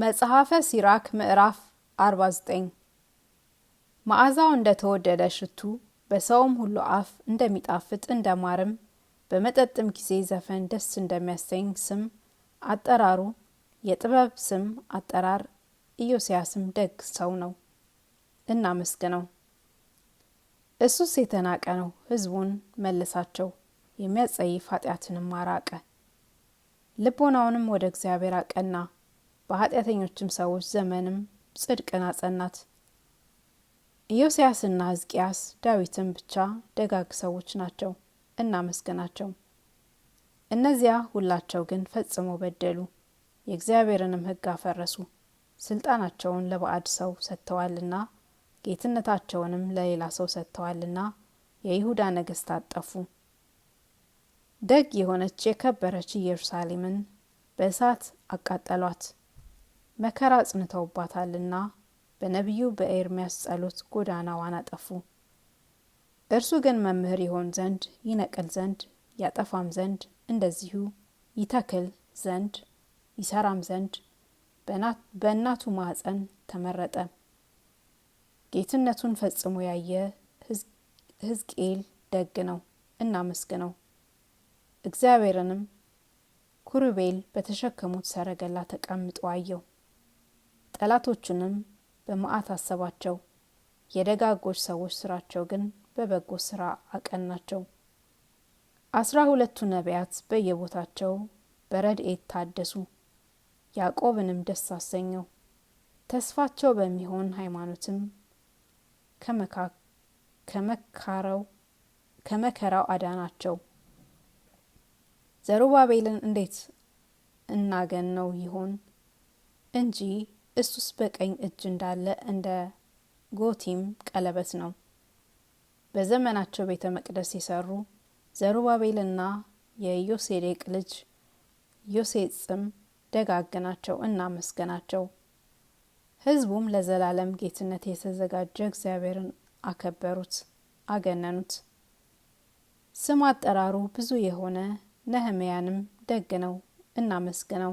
መጽሐፈ ሲራክ ምዕራፍ 49 መዓዛው እንደ ተወደደ ሽቱ በሰውም ሁሉ አፍ እንደሚጣፍጥ እንደ ማርም በመጠጥም ጊዜ ዘፈን ደስ እንደሚያሰኝ ስም አጠራሩ የጥበብ ስም አጠራር ኢዮስያስም ደግ ሰው ነው፣ እናመስግነው። እሱስ የተናቀ ነው፣ ህዝቡን መልሳቸው፣ የሚያጸይፍ ኃጢአትንም አራቀ፣ ልቦናውንም ወደ እግዚአብሔር አቀና በኃጢአተኞችም ሰዎች ዘመንም ጽድቅን አጸናት። ኢዮስያስና ሕዝቅያስ ዳዊትን ብቻ ደጋግ ሰዎች ናቸው፣ እናመስግናቸው። እነዚያ ሁላቸው ግን ፈጽሞ በደሉ፣ የእግዚአብሔርንም ሕግ አፈረሱ። ስልጣናቸውን ለባዕድ ሰው ሰጥተዋልና ጌትነታቸውንም ለሌላ ሰው ሰጥተዋልና የይሁዳ ነገስታት ጠፉ። ደግ የሆነች የከበረች ኢየሩሳሌምን በእሳት አቃጠሏት። መከራ አጽንተውባታልና በነቢዩ በኤርምያስ ጸሎት ጎዳናዋን አጠፉ። እርሱ ግን መምህር ይሆን ዘንድ ይነቅል ዘንድ ያጠፋም ዘንድ እንደዚሁ ይተክል ዘንድ ይሰራም ዘንድ በእናቱ ማኅፀን ተመረጠ። ጌትነቱን ፈጽሞ ያየ ሕዝቅኤል ደግ ነው፣ እናመስግነው። እግዚአብሔርንም ኩሩቤል በተሸከሙት ሰረገላ ተቀምጦ አየው። ጠላቶቹንም በመዓት አሰባቸው። የደጋጎች ሰዎች ስራቸው ግን በበጎ ስራ አቀናቸው። አስራ ሁለቱ ነቢያት በየቦታቸው በረድኤት ታደሱ። ያዕቆብንም ደስ አሰኘው። ተስፋቸው በሚሆን ሃይማኖትም ከመከራው አዳናቸው። ዘሩባቤልን እንዴት እናገን ነው ይሆን እንጂ እሱስ በቀኝ እጅ እንዳለ እንደ ጎቲም ቀለበት ነው። በዘመናቸው ቤተ መቅደስ የሰሩ ዘሩባቤልና የዮሴዴቅ ልጅ ዮሴጽም ደጋግ ናቸው፣ መስገናቸው። ህዝቡም ለዘላለም ጌትነት የተዘጋጀ እግዚአብሔርን አከበሩት፣ አገነኑት። ስም አጠራሩ ብዙ የሆነ ነህምያንም ደግ ነው፣ እናመስግነው።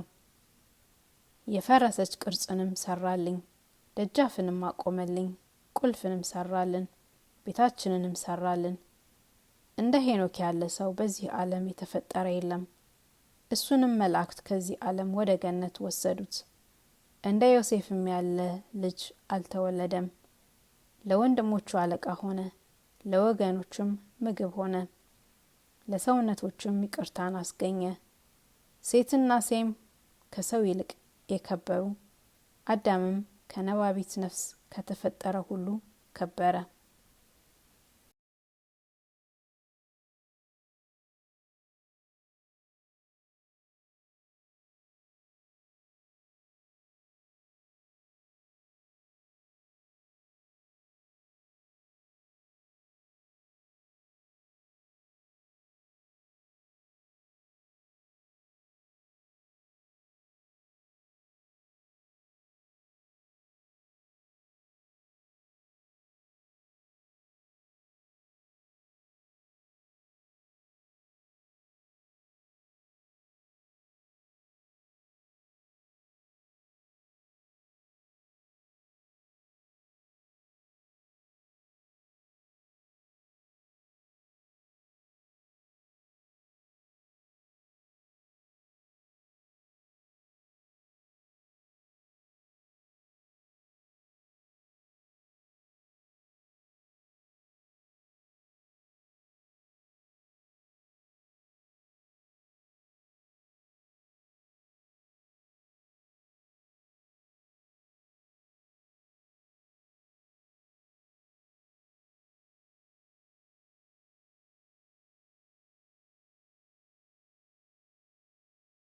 የፈረሰች ቅርጽንም ሰራልኝ፣ ደጃፍንም አቆመልኝ፣ ቁልፍንም ሰራልን፣ ቤታችንንም ሰራልን። እንደ ሄኖክ ያለ ሰው በዚህ ዓለም የተፈጠረ የለም። እሱንም መላእክት ከዚህ ዓለም ወደ ገነት ወሰዱት። እንደ ዮሴፍም ያለ ልጅ አልተወለደም። ለወንድሞቹ አለቃ ሆነ፣ ለወገኖቹም ምግብ ሆነ፣ ለሰውነቶቹም ይቅርታን አስገኘ። ሴትና ሴም ከሰው ይልቅ የከበሩ አዳምም ከነባቢት ነፍስ ከተፈጠረ ሁሉ ከበረ።